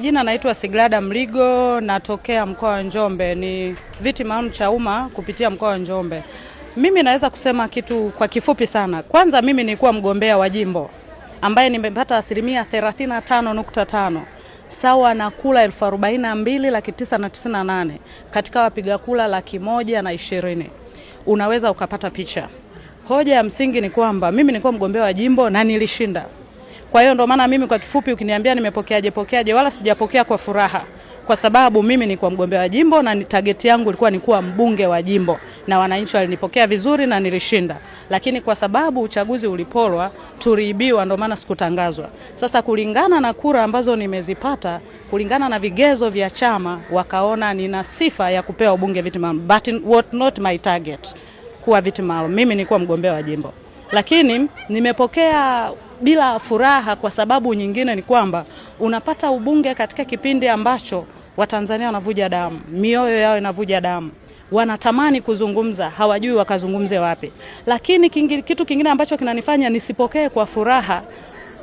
Jina naitwa Sigrada Mligo, natokea mkoa wa Njombe, ni viti maalum cha umma kupitia mkoa wa Njombe. Mimi naweza kusema kitu kwa kifupi sana. Kwanza mimi nilikuwa mgombea wa jimbo ambaye nimepata asilimia 35.5 sawa na kula elfu laki tisa na tisini katika wapiga kula laki moja na ishirini. Unaweza ukapata picha. Hoja ya msingi ni kwamba mimi nilikuwa mgombea wa jimbo na nilishinda. Kwa hiyo ndo maana mimi kwa kifupi, ukiniambia nimepokeaje pokeaje, wala sijapokea kwa furaha, kwa sababu mimi ni kwa mgombea wa jimbo na ni target yangu ilikuwa ni kuwa mbunge wa jimbo, na wananchi walinipokea vizuri na nilishinda. Lakini kwa sababu uchaguzi uliporwa, tuliibiwa, ndo maana sikutangazwa. Sasa kulingana na kura ambazo nimezipata, kulingana na vigezo vya chama, wakaona nina sifa ya kupewa ubunge viti maalum, but what not my target kuwa viti maalum. Mimi ni kwa mgombea wa jimbo, lakini nimepokea bila furaha, kwa sababu nyingine ni kwamba unapata ubunge katika kipindi ambacho Watanzania wanavuja damu, mioyo yao inavuja damu, wanatamani kuzungumza, hawajui wakazungumze wapi. Lakini kingi, kitu kingine ambacho kinanifanya nisipokee kwa furaha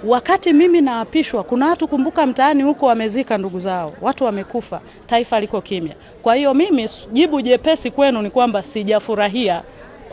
wakati mimi naapishwa, kuna watu kumbuka, mtaani huko wamezika ndugu zao, watu wamekufa, taifa liko kimya. Kwa hiyo mimi jibu jepesi kwenu ni kwamba sijafurahia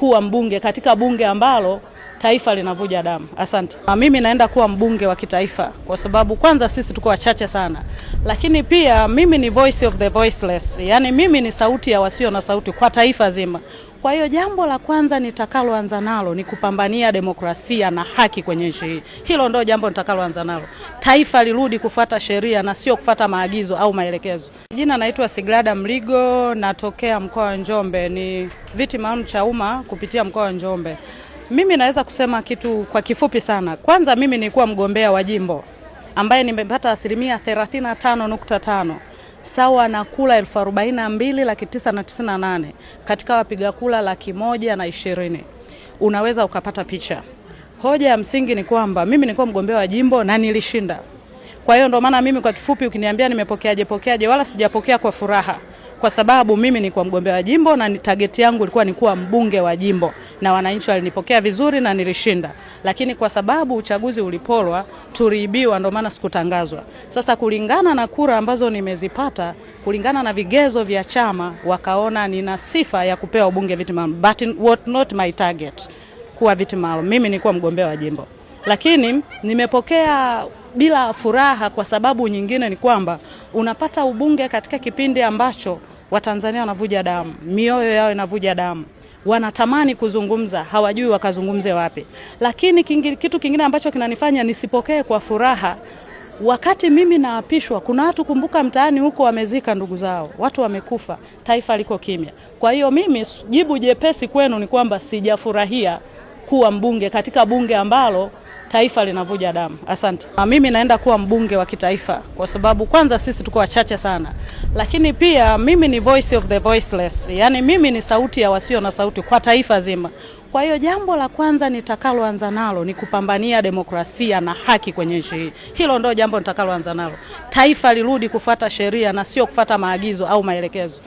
kuwa mbunge katika bunge ambalo taifa linavuja damu. Asante. Na mimi naenda kuwa mbunge wa kitaifa kwa sababu kwanza sisi tuko wachache sana, lakini pia mimi ni voice of the voiceless, yaani mimi ni sauti ya wasio na sauti kwa taifa zima. Kwa hiyo jambo la kwanza nitakaloanza nalo ni kupambania demokrasia na haki kwenye nchi hii. Hilo ndio jambo nitakaloanza nalo. Taifa lirudi kufuata sheria na sio kufuata maagizo au maelekezo. Jina naitwa Sigrada Mligo, natokea mkoa wa Njombe, ni viti maalum cha umma kupitia mkoa wa Njombe. Mimi naweza kusema kitu kwa kifupi sana. Kwanza mimi nilikuwa mgombea wa jimbo ambaye nimepata asilimia 35.5 sawa na kula elfu arobaini na mbili laki tisa na tisini na nane katika wapiga kula laki moja na ishirini. Unaweza ukapata picha. Hoja ya msingi ni kwamba mimi nilikuwa mgombea wa jimbo na nilishinda. Kwa hiyo ndio maana mimi, kwa kifupi, ukiniambia nimepokeaje pokeaje, wala sijapokea kwa furaha kwa sababu mimi ni kwa mgombea wa jimbo na target yangu ilikuwa ni kuwa mbunge wa jimbo, na wananchi walinipokea vizuri na nilishinda, lakini kwa sababu uchaguzi uliporwa, tuliibiwa, ndio maana sikutangazwa. Sasa kulingana na kura ambazo nimezipata, kulingana na vigezo vya chama, wakaona nina sifa ya kupewa ubunge viti maalum, but what not my target kuwa viti maalum. Mimi kuwa mgombea wa jimbo lakini nimepokea bila furaha kwa sababu nyingine ni kwamba unapata ubunge katika kipindi ambacho Watanzania wanavuja damu, mioyo yao inavuja damu, wanatamani kuzungumza, hawajui wakazungumze wapi. Lakini kingi, kitu kingine ambacho kinanifanya nisipokee kwa furaha wakati mimi naapishwa, kuna watu kumbuka, mtaani huko wamezika ndugu zao, watu wamekufa, taifa liko kimya. Kwa hiyo mimi jibu jepesi kwenu ni kwamba sijafurahia kuwa mbunge katika bunge ambalo taifa linavuja damu. Asante. Mimi naenda kuwa mbunge wa kitaifa kwa sababu kwanza sisi tuko wachache sana, lakini pia mimi ni voice of the voiceless, yaani mimi ni sauti ya wasio na sauti kwa taifa zima. Kwa hiyo jambo la kwanza nitakaloanza nalo ni kupambania demokrasia na haki kwenye nchi hii. Hilo ndio jambo nitakaloanza nalo, taifa lirudi kufata sheria na sio kufata maagizo au maelekezo.